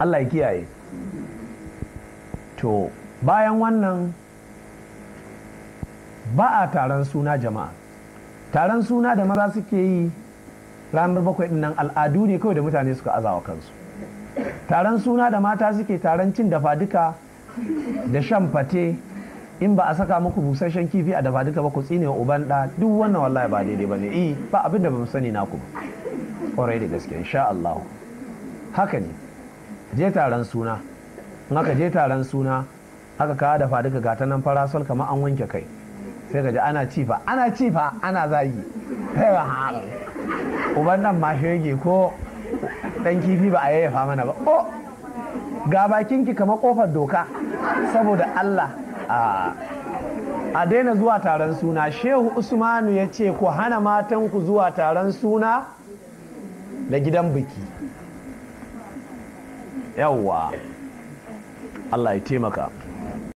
Allah ya kiyaye to bayan wannan ba a taron suna jama'a taron suna da maza suke yi ranar bakwai dinnan, al'adu ne kawai da mutane suka azawa kansu taron suna da mata suke taron cin dafa duka da shan fate in ba a saka muku busasshen kifi a dafa duka ba ku tsine wa uban da duk wannan wallahi ba daidai ba ne eh, ba abin da ba mu sani naku ba kwarai da gaske insha Allah haka ne je taron suna in aka je taron suna aka kawo dafa duka gata nan farasol kamar an wanke kai sai ka ji ana cifa ana cifa ana zagi ba uban nan ma shege ko dan kifi ba a yayyafa mana ba oh ga bakinki kamar kofar doka saboda Allah a daina zuwa taron suna shehu usmanu ya ce ku hana matanku zuwa taron suna da gidan biki yawwa Allah ya taimaka